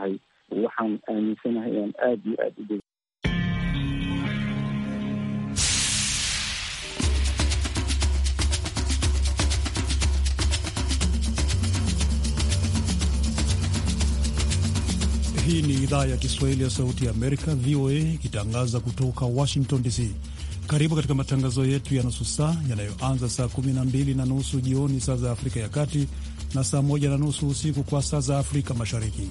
tahay waxaan aaminsanahay inaan aad iyo aad u Hii ni idhaa ya Kiswahili ya Sauti ya Amerika, VOA, ikitangaza kutoka Washington DC. Karibu katika matangazo yetu ya nusu saa yanayoanza saa 12 na nusu jioni saa za Afrika ya Kati na saa 1 na nusu usiku kwa saa za Afrika Mashariki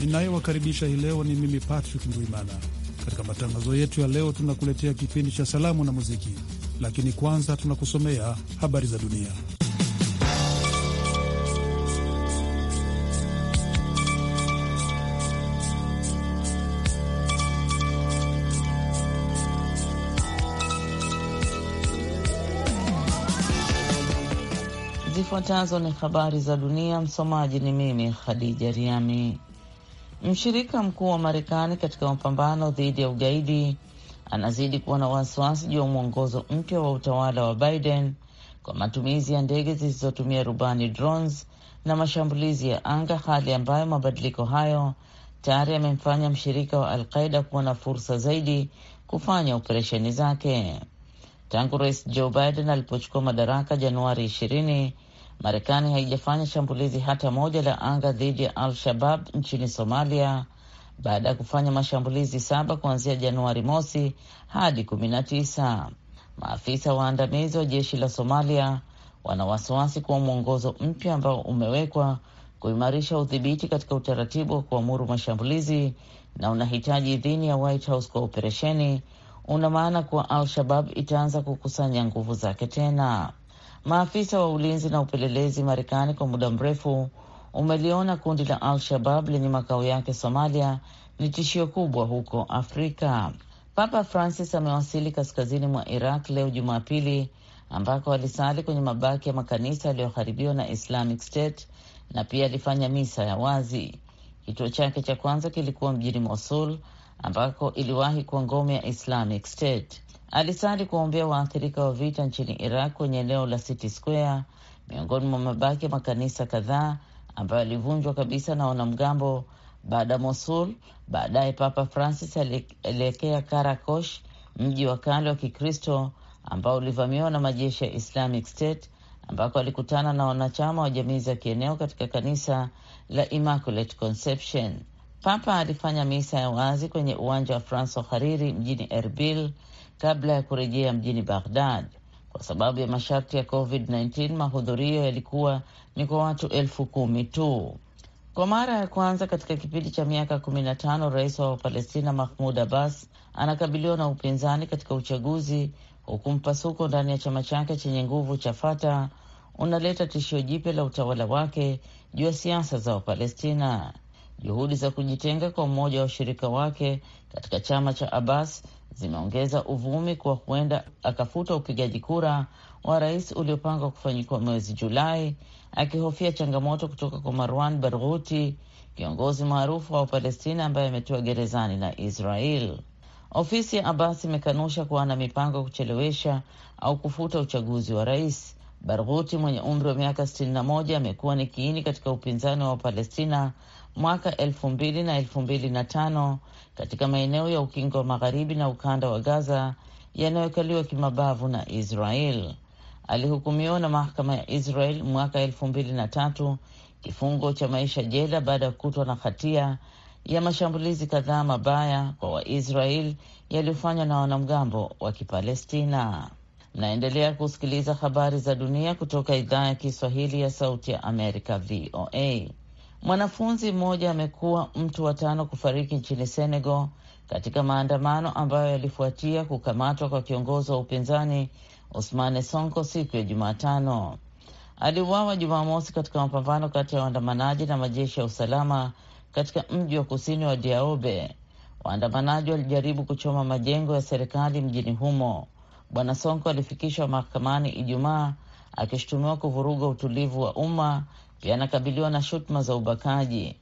ninayewakaribisha hii leo ni mimi Patrick Ndwimana. Katika matangazo yetu ya leo, tunakuletea kipindi cha salamu na muziki, lakini kwanza tunakusomea habari za dunia. Zifuatazo ni habari za dunia. Msomaji ni mimi Khadija Riami. Mshirika mkuu wa Marekani katika mapambano dhidi ya ugaidi anazidi kuwa na wasiwasi juu ya mwongozo mpya wa utawala wa Biden kwa matumizi ya ndege zisizotumia rubani drones na mashambulizi ya anga, hali ambayo mabadiliko hayo tayari yamemfanya mshirika wa Alqaida kuwa na fursa zaidi kufanya operesheni zake. Tangu Rais Joe Biden alipochukua madaraka Januari ishirini Marekani haijafanya shambulizi hata moja la anga dhidi ya Al-Shabab nchini Somalia baada ya kufanya mashambulizi saba kuanzia Januari mosi hadi kumi na tisa. Maafisa waandamizi wa jeshi la Somalia wana wasiwasi kuwa mwongozo mpya ambao umewekwa kuimarisha udhibiti katika utaratibu wa kuamuru mashambulizi na unahitaji idhini ya White House kwa operesheni, una maana kuwa Al-Shabab itaanza kukusanya nguvu zake tena. Maafisa wa ulinzi na upelelezi Marekani kwa muda mrefu umeliona kundi la Al-Shabab lenye makao yake Somalia ni tishio kubwa huko Afrika. Papa Francis amewasili kaskazini mwa Iraq leo Jumapili, ambako alisali kwenye mabaki ya makanisa yaliyoharibiwa na Islamic State na pia alifanya misa ya wazi. Kituo chake cha kwanza kilikuwa mjini Mosul ambako iliwahi kuwa ngome ya Islamic State alisali kuwaombea waathirika wa vita nchini Iraq kwenye eneo la City Square, miongoni mwa mabaki ya makanisa kadhaa ambayo alivunjwa kabisa na wanamgambo baada ya Mosul. Baadaye Papa Francis alielekea Karakosh, mji wa kale wa Kikristo ambao ulivamiwa na majeshi ya Islamic State, ambako alikutana na wanachama wa jamii za kieneo katika kanisa la Immaculate Conception. Papa alifanya misa ya wazi kwenye uwanja wa Franco Hariri mjini Erbil kabla ya kurejea mjini Baghdad. Kwa sababu ya masharti ya COVID-19, mahudhurio yalikuwa ni kwa watu elfu kumi tu. Kwa mara ya kwanza katika kipindi cha miaka 15, rais wa Palestina Mahmud Abbas anakabiliwa na upinzani katika uchaguzi, huku mpasuko ndani ya chama chake chenye nguvu cha Fatah unaleta tishio jipya la utawala wake juu ya siasa za Wapalestina. Juhudi za kujitenga kwa mmoja wa washirika wake katika chama cha Abbas zimeongeza uvumi kuwa huenda akafuta upigaji kura wa rais uliopangwa kufanyikwa mwezi Julai, akihofia changamoto kutoka kwa Marwan Barghuti, kiongozi maarufu wa Palestina ambaye ametiwa gerezani na Israel. Ofisi ya Abbas imekanusha kuwa na mipango ya kuchelewesha au kufuta uchaguzi wa rais. Barghuti mwenye umri wa miaka 61 amekuwa ni kiini katika upinzani wa Palestina mwaka elfu mbili na elfu mbili na tano katika maeneo ya ukingo wa magharibi na ukanda wa Gaza yanayokaliwa kimabavu na Israel. Alihukumiwa na mahakama ya Israel mwaka elfu mbili na tatu kifungo cha maisha jela baada ya kutwa na hatia ya mashambulizi kadhaa mabaya kwa Waisrael yaliyofanywa na wanamgambo wa Kipalestina. Mnaendelea kusikiliza habari za dunia kutoka idhaa ya Kiswahili ya Sauti ya Amerika, VOA. Mwanafunzi mmoja amekuwa mtu wa tano kufariki nchini Senegal katika maandamano ambayo yalifuatia kukamatwa kwa kiongozi wa upinzani Ousmane Sonko siku ya Jumatano. Aliuawa Jumamosi katika mapambano kati ya waandamanaji na majeshi ya usalama katika mji wa kusini wa Diaobe. Waandamanaji walijaribu kuchoma majengo ya serikali mjini humo. Bwana Sonko alifikishwa mahakamani Ijumaa akishutumiwa kuvuruga utulivu wa umma yanakabiliwa na shutuma za ubakaji.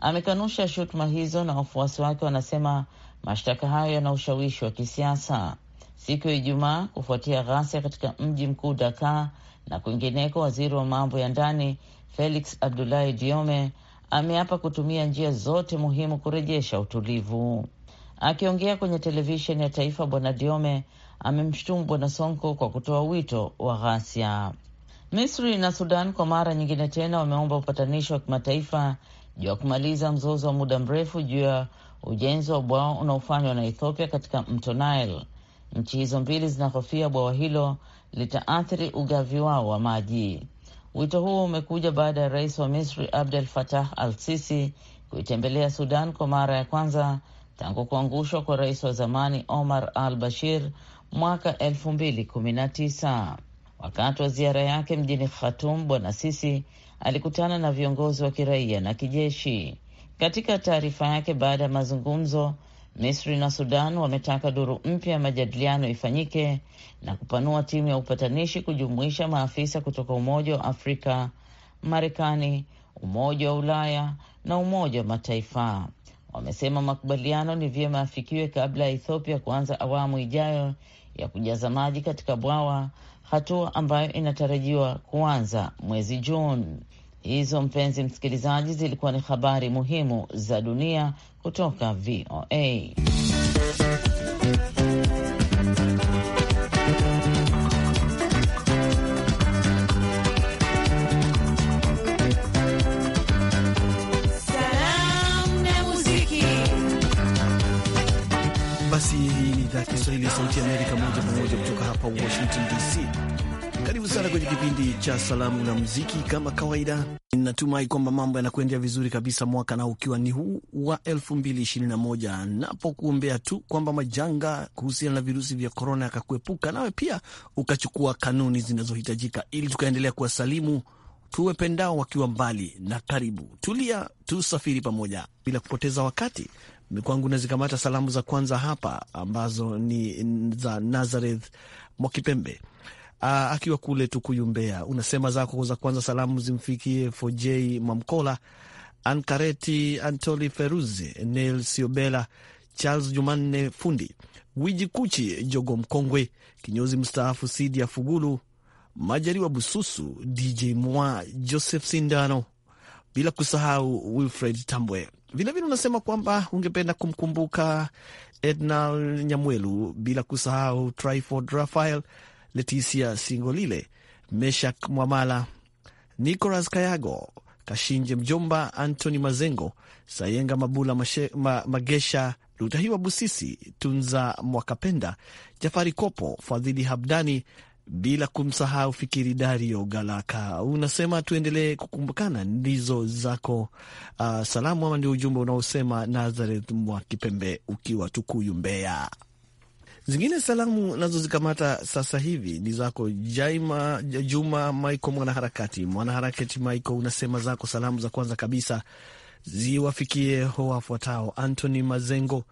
Amekanusha shutuma hizo na wafuasi wake wanasema mashtaka hayo yana ushawishi wa kisiasa. Siku ya Ijumaa, kufuatia ghasia katika mji mkuu Dakar na kwingineko, waziri wa mambo ya ndani Felix Abdulahi Diome ameapa kutumia njia zote muhimu kurejesha utulivu. Akiongea kwenye televisheni ya taifa, bwana Diome amemshutumu bwana Sonko kwa kutoa wito wa ghasia. Misri na Sudan kwa mara nyingine tena wameomba upatanishi wa kimataifa juu ya kumaliza mzozo wa muda mrefu juu ya ujenzi wa bwawa unaofanywa na Ethiopia katika mto Nile. Nchi hizo mbili zinahofia bwawa hilo litaathiri ugavi wao wa maji. Wito huo umekuja baada ya rais wa Misri Abdel Fattah al Sisi kuitembelea Sudan kwa mara ya kwanza tangu kuangushwa kwa rais wa zamani Omar al Bashir mwaka elfu mbili kumi na tisa. Wakati wa ziara yake mjini Khartoum, Bwana Sisi alikutana na viongozi wa kiraia na kijeshi. Katika taarifa yake baada ya mazungumzo, Misri na Sudan wametaka duru mpya ya majadiliano ifanyike na kupanua timu ya upatanishi kujumuisha maafisa kutoka Umoja wa Afrika, Marekani, Umoja wa Ulaya na Umoja wa Mataifa. Wamesema makubaliano ni vyema afikiwe kabla ya Ethiopia kuanza awamu ijayo ya kujaza maji katika bwawa, hatua ambayo inatarajiwa kuanza mwezi Juni. Hizo mpenzi msikilizaji, zilikuwa ni habari muhimu za dunia kutoka VOA. hapa Washington DC. Karibu sana kwenye kipindi cha salamu na muziki. Kama kawaida, natumai kwamba mambo yanakuendea vizuri kabisa, mwaka nao ukiwa ni huu wa elfu Napokuombea tu kwamba majanga kuhusiana na virusi vya korona yakakuepuka, nawe pia ukachukua kanuni zinazohitajika ili tukaendelea kuwasalimu tuwependao wakiwa mbali na karibu. Tulia, tusafiri pamoja bila kupoteza wakati. Mikwangu nazikamata salamu za kwanza hapa ambazo ni za Nazareth Mwakipembe uh, akiwa kule Tukuyu, Mbeya. Unasema zako za kwanza salamu zimfikie FJ Mamkola, Ankareti Antoli, Feruzi Nel Siobela, Charles Jumanne Fundi, wiji Kuchi, Jogo Mkongwe, kinyozi mstaafu Sidi ya Fugulu, majariwa Bususu, DJ Mwa, Joseph Sindano bila kusahau Wilfred Tambwe. Vilevile unasema kwamba ungependa kumkumbuka Edna Nyamwelu, bila kusahau Tryford Rafael, Leticia Singolile, Meshak Mwamala, Nicolas Kayago, Kashinje Mjomba, Antony Mazengo, Sayenga Mabula, Mashe, Ma, Magesha Lutahiwa Busisi, Tunza Mwakapenda, Jafari Kopo, Fadhili Habdani bila kumsahau Fikiri Dario Galaka. Unasema tuendelee kukumbukana, ndizo zako uh, salamu ama ndio ujumbe unaosema Nazareth mwa Kipembe ukiwa Tukuyu, Mbeya. Zingine salamu nazozikamata sasa hivi ni zako Jaima Juma Maiko, mwanaharakati mwanaharakati Maiko, unasema zako salamu za kwanza kabisa ziwafikie wafuatao: Antony Mazengo,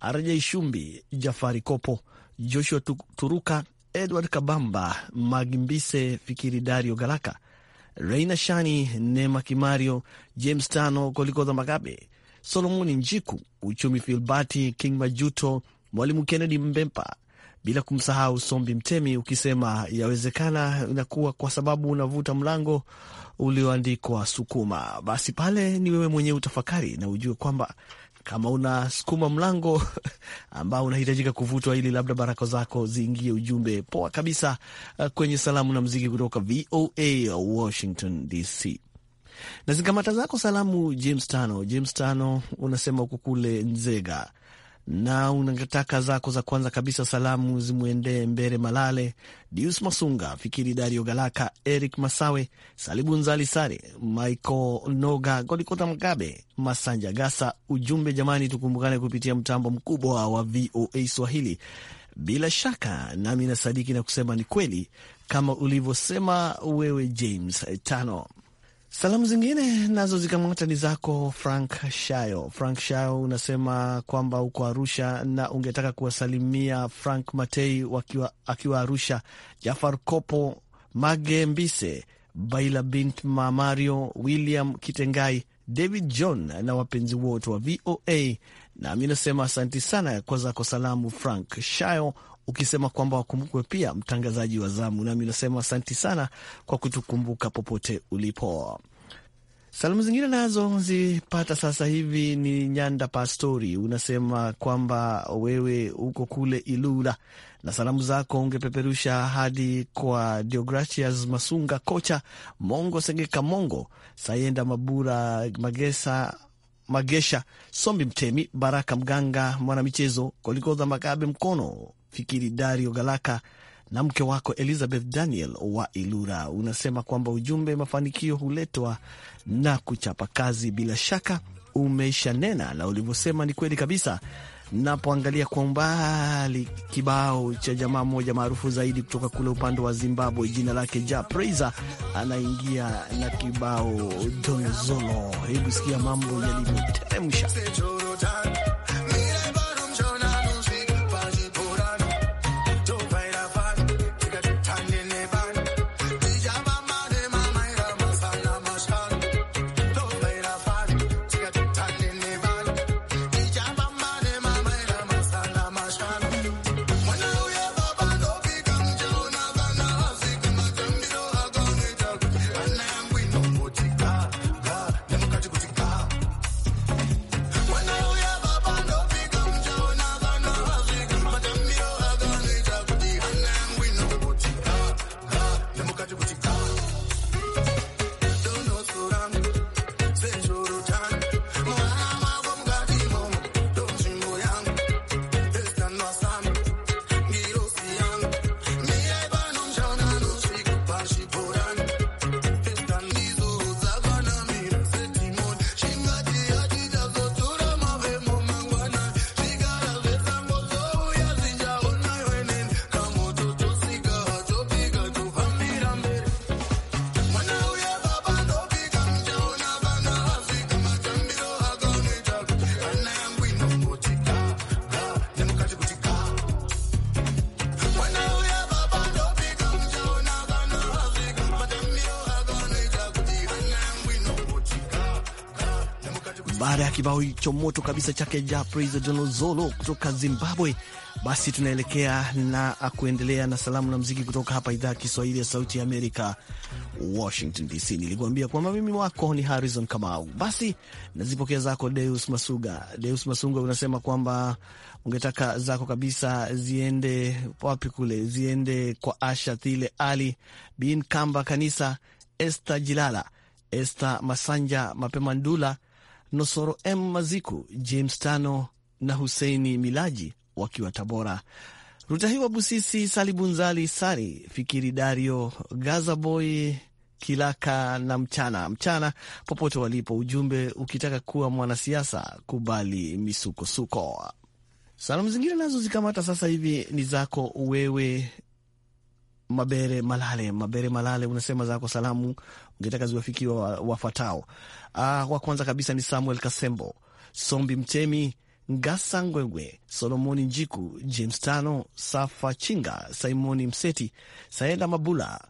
Arjai Shumbi, Jafari Kopo, Joshua Turuka, Edward Kabamba, Magimbise Fikiri, Dario Galaka, Reina Shani, Nema Kimario, James Tano, Kolikoza Magabe, Solomoni Njiku, Uchumi Filbati, King Majuto, Mwalimu Kennedy Mbempa, bila kumsahau Sombi Mtemi, ukisema yawezekana inakuwa kwa sababu unavuta mlango ulioandikwa sukuma, basi pale ni wewe mwenyewe utafakari na ujue kwamba kama unasukuma mlango ambao unahitajika kuvutwa ili labda baraka zako ziingie ujumbe poa kabisa uh, kwenye salamu na mziki kutoka VOA Washington DC na zikamata zako salamu James Tano. James Tano unasema uko kule Nzega na unataka zako za kwanza kabisa salamu zimwendee Mbere Malale, Dius Masunga, Fikiri Dario Galaka, Eric Masawe, Salibunzali Sare, Michael Noga, Godikota Mgabe, Masanja Gasa. Ujumbe jamani, tukumbukane kupitia mtambo mkubwa wa VOA Swahili. Bila shaka nami nasadiki na kusema ni kweli kama ulivyosema wewe James Tano. Salamu zingine nazo zikamata ni zako Frank Shayo. Frank Shayo unasema kwamba uko Arusha na ungetaka kuwasalimia Frank Matei wakiwa, akiwa Arusha, Jafar Kopo, Mage Mbise, Baila bint Mamario, William Kitengai, David John na wapenzi wote wa VOA. Nami nasema asanti sana kwa zako salamu Frank Shayo ukisema kwamba wakumbukwe pia mtangazaji wa zamu. Nami unasema asanti sana kwa kutukumbuka popote ulipo. Salamu zingine nazo zipata sasa hivi ni Nyanda Pastori, unasema kwamba wewe uko kule Ilula na salamu zako ungepeperusha hadi kwa Deogratias Masunga, kocha Mongo Sengeka, Mongo Sayenda Mabura, Magesa Magesha Sombi, Mtemi Baraka Mganga, mwanamichezo Kolikodha Makabe Mkono fikiri Dario Galaka na mke wako Elizabeth Daniel wa Ilura. Unasema kwamba ujumbe, mafanikio huletwa na kuchapa kazi. Bila shaka umeisha nena na ulivyosema ni kweli kabisa. Napoangalia kwa umbali kibao cha jamaa mmoja maarufu zaidi kutoka kule upande wa Zimbabwe, jina lake Ja Praiser, anaingia na kibao Donzolo. Hebu sikia mambo yalivyoteremsha. kibao hicho moto kabisa chake ja praise Japriza Zolo kutoka Zimbabwe. Basi tunaelekea na kuendelea na salamu na mziki kutoka hapa idhaa ya Kiswahili ya Sauti ya Amerika, Washington DC. Nilikuambia kwamba mimi wako ni Harrison Kamau. Basi nazipokea zako Deus Masuga. Deus Masunga, unasema kwamba ungetaka zako kabisa ziende wapi? Kule ziende kwa Asha Thile Ali bin Kamba Kanisa, Esther Jilala, Esther Masanja Mapema Ndula Nosoro M Maziku, James Tano na Huseini Milaji wakiwa Tabora. Rutahiwa Busisi, Salibunzali Sari, Fikiri Dario, Gazaboy Kilaka na mchana mchana popote walipo. Ujumbe, ukitaka kuwa mwanasiasa kubali misukosuko. Salamu zingine nazo zikamata sasa hivi ni zako wewe Mabere Malale, Mabere Malale, unasema zako salamu ungetaka ziwafikiwa wafuatao. Wa, ah, wa kwanza kabisa ni Samuel Kasembo, Sombi Mtemi, Ngasa Ngwegwe, Solomoni Njiku, James Tano, Safa Chinga, Simoni Mseti, Saenda Mabula,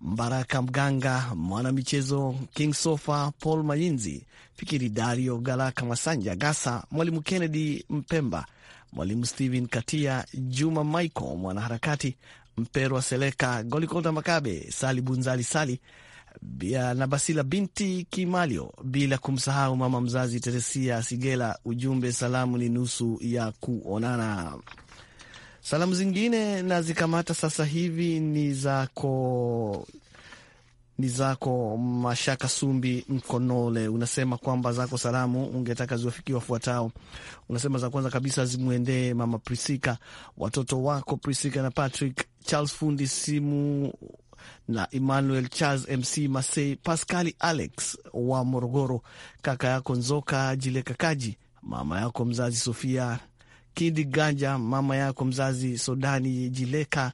Mbaraka Mganga, mwana michezo King Sofa, Paul Mayinzi, Fikiri Dario, Galaka Masanja, Gasa, Mwalimu Kennedy Mpemba Mwalimu Stephen Katia, Juma Michael mwanaharakati, Mperwa Seleka, Golikota Makabe, Sali Bunzali Sali na Basila binti Kimalio, bila kumsahau mama mzazi Teresia Sigela. Ujumbe, salamu ni nusu ya kuonana. Salamu zingine na zikamata sasa hivi ni zako ni zako Mashaka Sumbi Mkonole, unasema kwamba zako salamu ungetaka ziwafikie wafuatao. Unasema za kwanza kabisa zimwendee mama Prisika, watoto wako Prisika na Patrick, Charles fundi simu na Emmanuel Charles Mc Masei, Pascali Alex wa Morogoro, kaka yako Nzoka Jileka Kaji, mama yako mzazi Sofia Kidi Ganja, mama yako mzazi Sodani Jileka,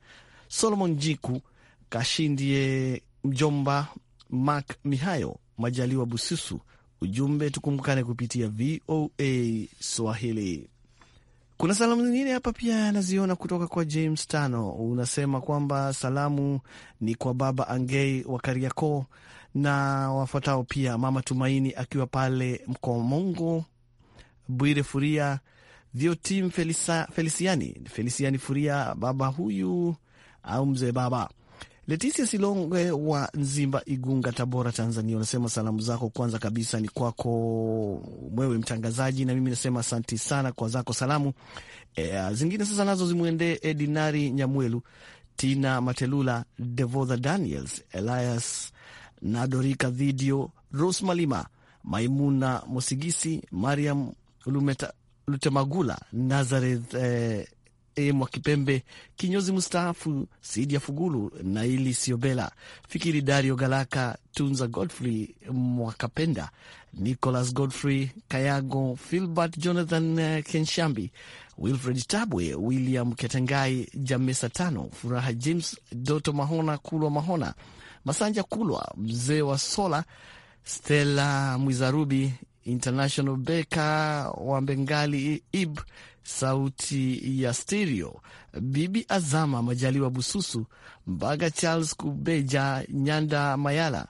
Solomon Jiku Kashindie mjomba Mark Mihayo Majaliwa Bususu. Ujumbe tukumkane kupitia VOA Swahili. Kuna salamu zingine hapa pia anaziona kutoka kwa James Tano. Unasema kwamba salamu ni kwa baba Angei wa Kariakoo na wafuatao pia mama Tumaini akiwa pale Mkomongo, Bwire Furia, Viotim Felisiani, Felisiani Furia, baba huyu au mzee baba Leticia Silonge wa Nzimba, Igunga, Tabora, Tanzania, unasema salamu zako kwanza kabisa ni kwako mwewe mtangazaji, na mimi nasema asanti sana kwa zako salamu. E, zingine sasa nazo zimwendee Edinari Nyamwelu, Tina Matelula, Devotha Daniels, Elias Nadorika, Dhidio Ros Malima, Maimuna Mosigisi, Mariam Lutemagula, Nazareth eh, E, Mwakipembe kinyozi mstaafu, Sidia Fugulu, Naili Siobela, Fikiri Dario Galaka, Tunza Godfrey Mwakapenda, Nicholas Godfrey Kayago, Filbert Jonathan eh, Kenshambi, Wilfred Tabwe, William Ketengai, Jamesa Tano, Furaha James, Doto Mahona, Kulwa Mahona, Masanja Kulwa, Mzee wa Sola, Stella Mwizarubi, International Beka wa Bengali, Ib Sauti ya Stereo, Bibi Azama Majaliwa Bususu, Mbaga Charles Kubeja, Nyanda Mayala,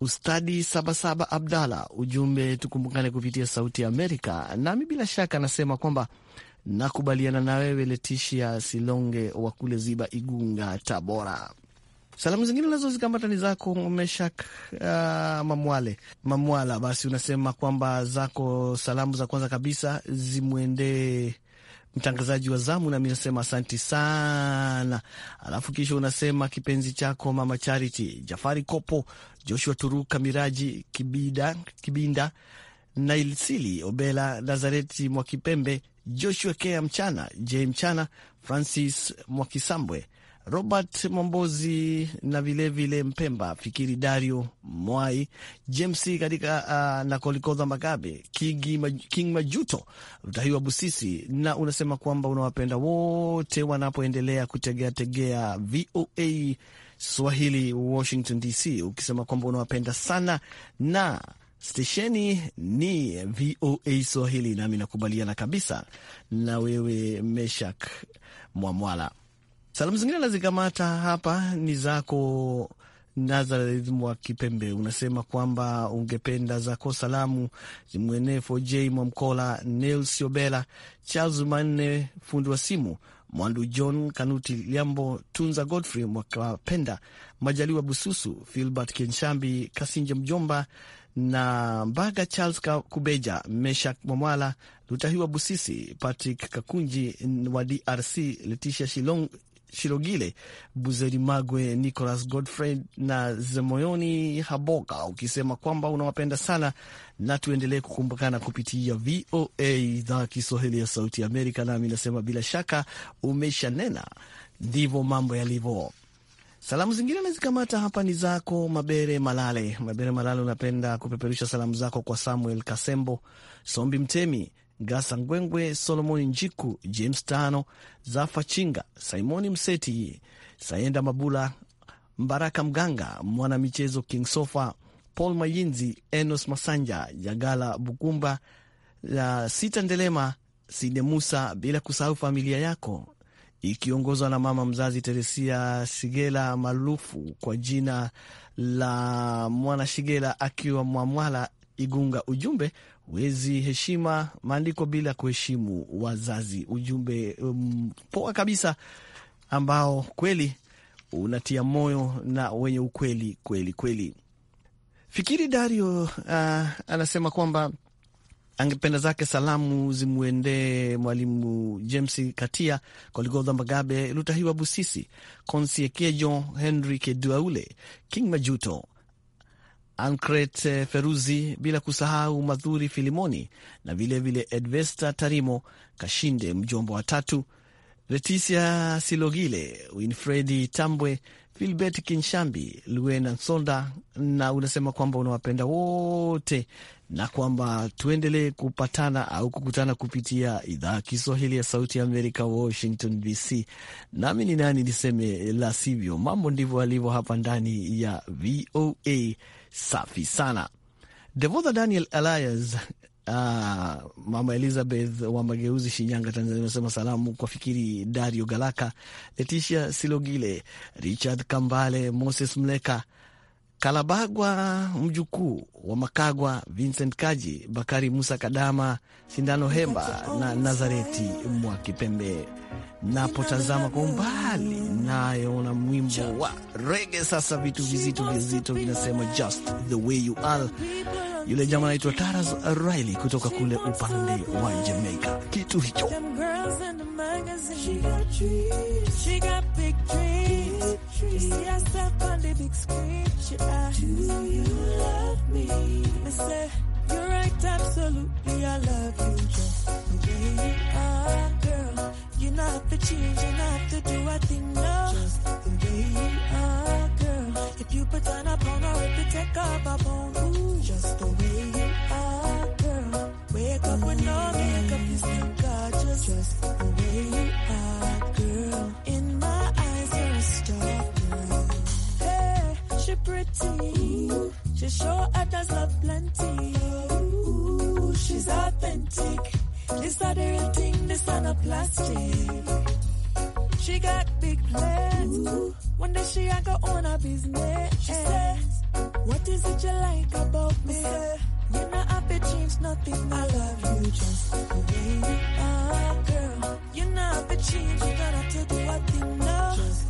Ustadi Sabasaba Abdala. Ujumbe tukumbukane kupitia Sauti ya Amerika. Nami bila shaka anasema kwamba nakubaliana na wewe Letishia Silonge wa kule Ziba, Igunga, Tabora. Salamu zingine nazo zikambata ni zako Meshak uh, Mamwale Mamwala. Basi unasema kwamba zako salamu za kwanza kabisa zimwendee mtangazaji wa zamu, nami nasema asanti sana. Alafu kisha unasema kipenzi chako Mama Charity, Jafari Kopo, Joshua Turuka, Miraji Kibida, Kibinda, Nailsili Obela, Nazareti Mwakipembe, Joshua Kea Mchana, J Mchana, Francis Mwakisambwe Robert Mombozi na vilevile vile Mpemba Fikiri, Dario Mwai, James katika uh, na Kolikoza Magabe, King Majuto, utahiwa Busisi, na unasema kwamba unawapenda wote wanapoendelea kutegeategea VOA Swahili Washington DC, ukisema kwamba unawapenda sana na stesheni ni VOA Swahili, nami nakubaliana kabisa na wewe Meshak Mwamwala. Salamu zingine nazikamata hapa ni zako Nazareth mwa Kipembe, unasema kwamba ungependa zako salamu zimwenee FJ Mwamkola, Nels Obela, Charles Manne, fundi wa simu Mwandu, John Kanuti Liambo, Tunza Godfrey Mwakapenda, Majaliwa Bususu, Filbert Kenshambi, Kasinje Mjomba na Mbaga Charles Kubeja, Meshak Mwamwala, Lutahiwa Busisi, Patrick Kakunji wa DRC, Letisha Shilong, Shirogile buzeri magwe Nicolas Godfrey na Zemoyoni Haboka, ukisema kwamba unawapenda sana na tuendelee kukumbukana kupitia VOA idhaa Kiswahili ya Sauti Amerika. Nami nasema bila shaka umeshanena, ndivyo mambo yalivyo. Salamu zingine nazikamata hapa ni zako Mabere Malale. Mabere Malale, unapenda kupeperusha salamu zako kwa Samuel Kasembo, Sombi Mtemi, Gasa Ngwengwe, Solomoni Njiku, James Tano, Zafa Chinga, Simoni Mseti, Sayenda Mabula, Mbaraka Mganga, mwana michezo King Sofa, Paul Mayinzi, Enos Masanja, Jagala Bukumba, la Sita Ndelema, Side Musa, bila kusahau familia yako ikiongozwa na mama mzazi Teresia Sigela maarufu kwa jina la Mwana Shigela akiwa Mwamwala Igunga. Ujumbe Wezi heshima maandiko bila kuheshimu wazazi. Ujumbe um, poa kabisa ambao kweli unatia moyo na wenye ukweli kweli kweli. Fikiri Dario uh, anasema kwamba angependa zake salamu zimwendee Mwalimu James Katia, Koligodha Magabe, Lutahiwa Busisi, Konsi Ekejo, Henry Keduaule, King Majuto, Ankret Feruzi, bila kusahau Madhuri Filimoni na vilevile Edvesta Tarimo Kashinde, mjomba wa tatu, Leticia Silogile, Winfredi Tambwe Filbert Kinshambi Luena Nsonda, na unasema kwamba unawapenda wote na kwamba tuendelee kupatana au kukutana kupitia idhaa ya Kiswahili ya Sauti ya Amerika, Washington DC. Nami ni nani niseme la sivyo, mambo ndivyo alivyo hapa ndani ya VOA. Safi sana. Devodha Daniel Elias Ah, Mama Elizabeth wa Mageuzi, Shinyanga, Tanzania, anasema salamu kwa Fikiri Dario Galaka, Leticia Silogile, Richard Kambale, Moses Mleka, Kalabagwa, mjukuu wa Makagwa, Vincent Kaji, Bakari Musa Kadama, Sindano Hemba na Nazareti mwa Kipembe. Napotazama kwa umbali, nayoona mwimbo wa rege. Sasa vitu vizito vizito vinasema just the way you are. Yule jamaa anaitwa Taras Riley kutoka kule upande wa Jamaica. Kitu hicho on the big screen. Do you love me? I say, You're right, absolutely. I love you just the way you are, girl. You don't have to change, you not have to do a thing, no. Just the way you are, girl. If you put on a or if you take off a show others love plenty. Ooh, she's authentic. This are the real thing, this are not plastic. She got big plans. Ooh. One day she a go own a business. She says, What is it you like about me? you know I be change nothing. I love you just the way you are, girl. You know I be change. You going not have to do what thing now. Just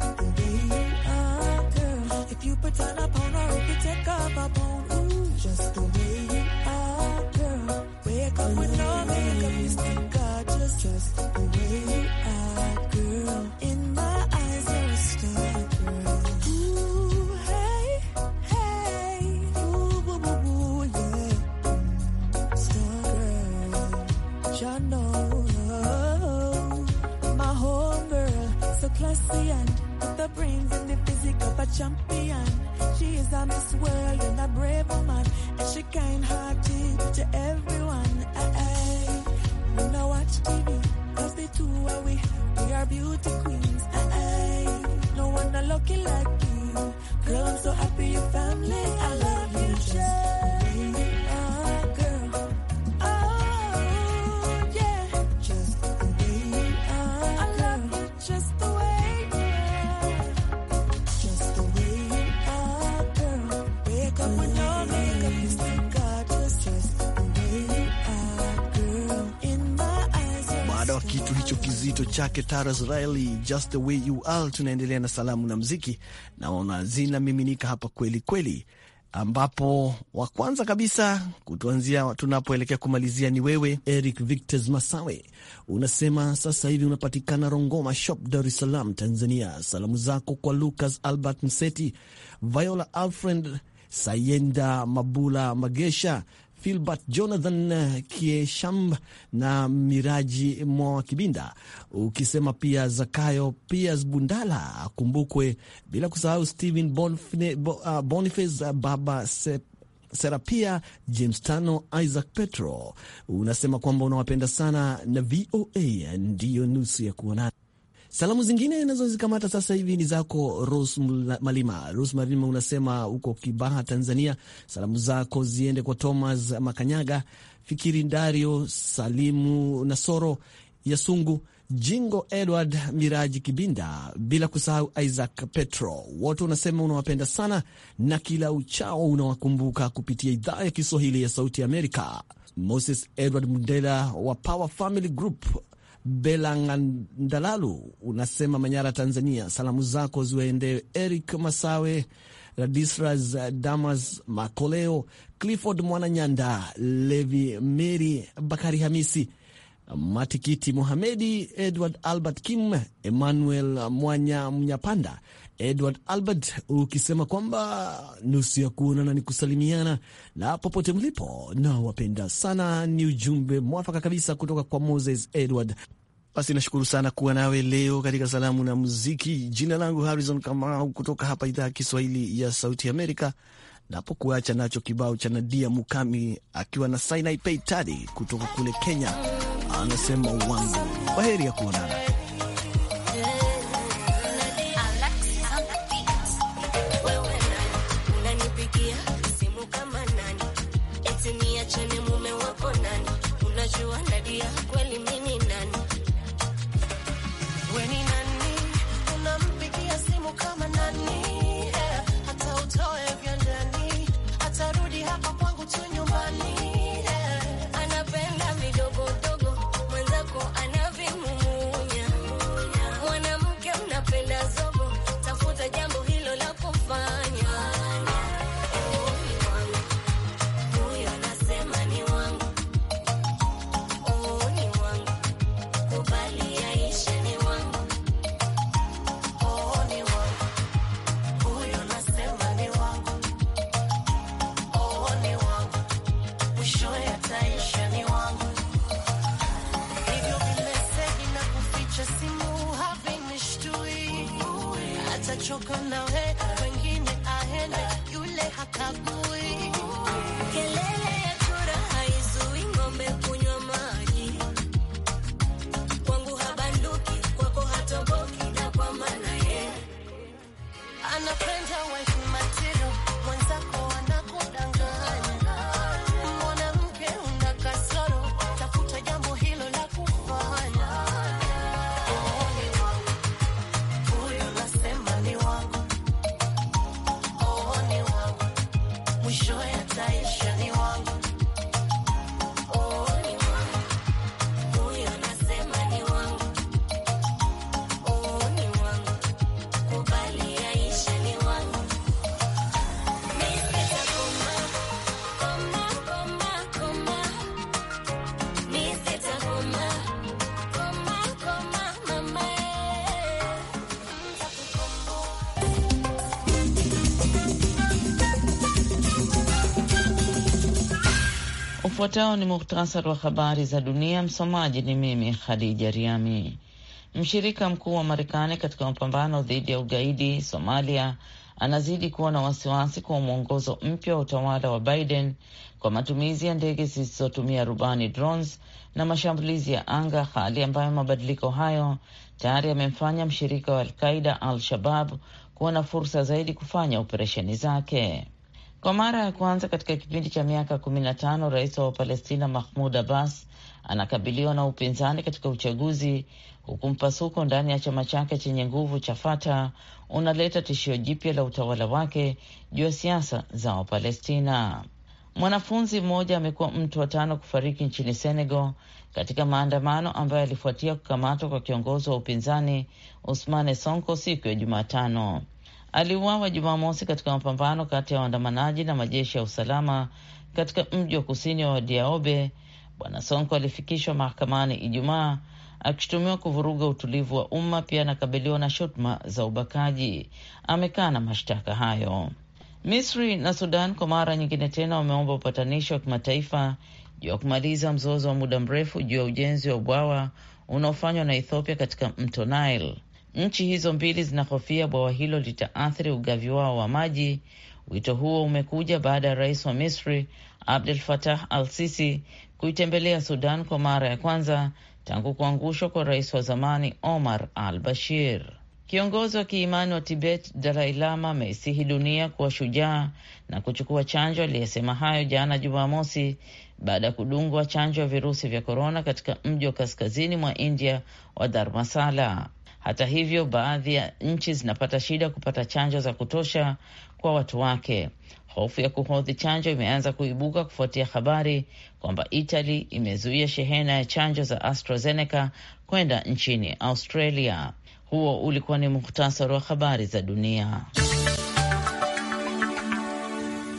kizito chake Taras Israeli, Just the way you are. Tunaendelea na salamu na mziki, naona zinamiminika hapa kweli kweli, ambapo wa kwanza kabisa kutuanzia tunapoelekea kumalizia ni wewe Eric Victos Masawe. Unasema sasa hivi unapatikana Rongoma Shop, Dar es Salaam, Tanzania. Salamu zako kwa Lucas Albert Mseti, Viola Alfred Sayenda Mabula Magesha Filbert Jonathan Kieshamb na Miraji Mwa Kibinda, ukisema pia Zakayo Piers Bundala akumbukwe, bila kusahau Stephen uh, Boniface uh, Baba Sep Serapia James Tano, Isaac Petro. Unasema kwamba unawapenda sana na VOA ndiyo nusu ya kuonana. Salamu zingine nazozikamata sasa hivi ni zako ros Malima. ros Malima unasema uko Kibaha, Tanzania. Salamu zako ziende kwa Thomas Makanyaga, Fikiri Dario, Salimu Nasoro, Yasungu Jingo, Edward Miraji Kibinda, bila kusahau Isaac Petro. Wote unasema unawapenda sana na kila uchao unawakumbuka kupitia idhaa ya Kiswahili ya Sauti Amerika. Moses Edward Mundela wa Power Family Group Belangandalalu unasema Manyara, Tanzania. Salamu zako ziwaendee Eric Masawe, Radisras Damas, Makoleo Clifford, Mwananyanda Levi, Meri Bakari, Hamisi Matikiti, Mohamedi Edward, Albert Kim, Emmanuel Mwanya Mnyapanda, Edward Albert, ukisema kwamba nusu ya kuonana ni kusalimiana, na popote mlipo nawapenda sana. Ni ujumbe mwafaka kabisa kutoka kwa Moses Edward basi nashukuru sana kuwa nawe leo katika salamu na muziki. Jina langu Harrison Kamau kutoka hapa idhaa ya Kiswahili ya Sauti Amerika, napokuacha nacho kibao cha Nadia Mukami akiwa na Sinai Pay Tadi kutoka kule Kenya, anasema wangu, kwa heri ya kuonana. Ufuatao ni muhtasari wa habari za dunia. Msomaji ni mimi Khadija Riami. Mshirika mkuu wa Marekani katika mapambano dhidi ya ugaidi Somalia anazidi kuwa na wasiwasi kwa mwongozo mpya wa utawala wa Biden kwa matumizi ya ndege zisizotumia rubani drones na mashambulizi ya anga, hali ambayo mabadiliko hayo tayari yamemfanya mshirika wa Alqaida Al Shabab kuwa na fursa zaidi kufanya operesheni zake. Kwa mara ya kwanza katika kipindi cha miaka kumi na tano, rais wa Palestina Mahmud Abbas anakabiliwa na upinzani katika uchaguzi, huku mpasuko ndani ya chama chake chenye nguvu cha Fatah unaleta tishio jipya la utawala wake juu ya siasa za Wapalestina. Mwanafunzi mmoja amekuwa mtu wa tano kufariki nchini Senegal katika maandamano ambayo alifuatia kukamatwa kwa kiongozi wa upinzani usmane Sonko siku ya Jumatano aliuawa Jumamosi katika mapambano kati ya waandamanaji na majeshi ya usalama katika mji wa kusini wa Diaobe. Bwana Sonko alifikishwa mahakamani Ijumaa akishutumiwa kuvuruga utulivu wa umma. Pia anakabiliwa na shutuma za ubakaji. Amekaa na mashtaka hayo. Misri na Sudan kwa mara nyingine tena wameomba upatanishi wa kimataifa juu ya kumaliza mzozo wa muda mrefu juu ya ujenzi wa bwawa unaofanywa na Ethiopia katika mto Nile. Nchi hizo mbili zinahofia bwawa hilo litaathiri ugavi wao wa maji. Wito huo umekuja baada ya rais wa Misri Abdel Fattah al Sisi kuitembelea Sudan kwa mara ya kwanza tangu kuangushwa kwa rais wa zamani Omar al Bashir. Kiongozi wa kiimani wa Tibet Dalai Lama ameisihi dunia kuwa shujaa na kuchukua chanjo. Aliyesema hayo jana Jumamosi baada ya kudungwa chanjo ya virusi vya korona katika mji wa kaskazini mwa India wa Dharmasala. Hata hivyo, baadhi ya nchi zinapata shida kupata chanjo za kutosha kwa watu wake. Hofu ya kuhodhi chanjo imeanza kuibuka kufuatia habari kwamba Itali imezuia shehena ya chanjo za AstraZeneca kwenda nchini Australia. Huo ulikuwa ni muhtasari wa habari za dunia,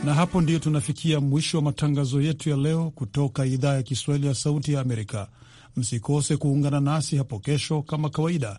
na hapo ndiyo tunafikia mwisho wa matangazo yetu ya leo kutoka idhaa ya Kiswahili ya Sauti ya Amerika. Msikose kuungana nasi hapo kesho kama kawaida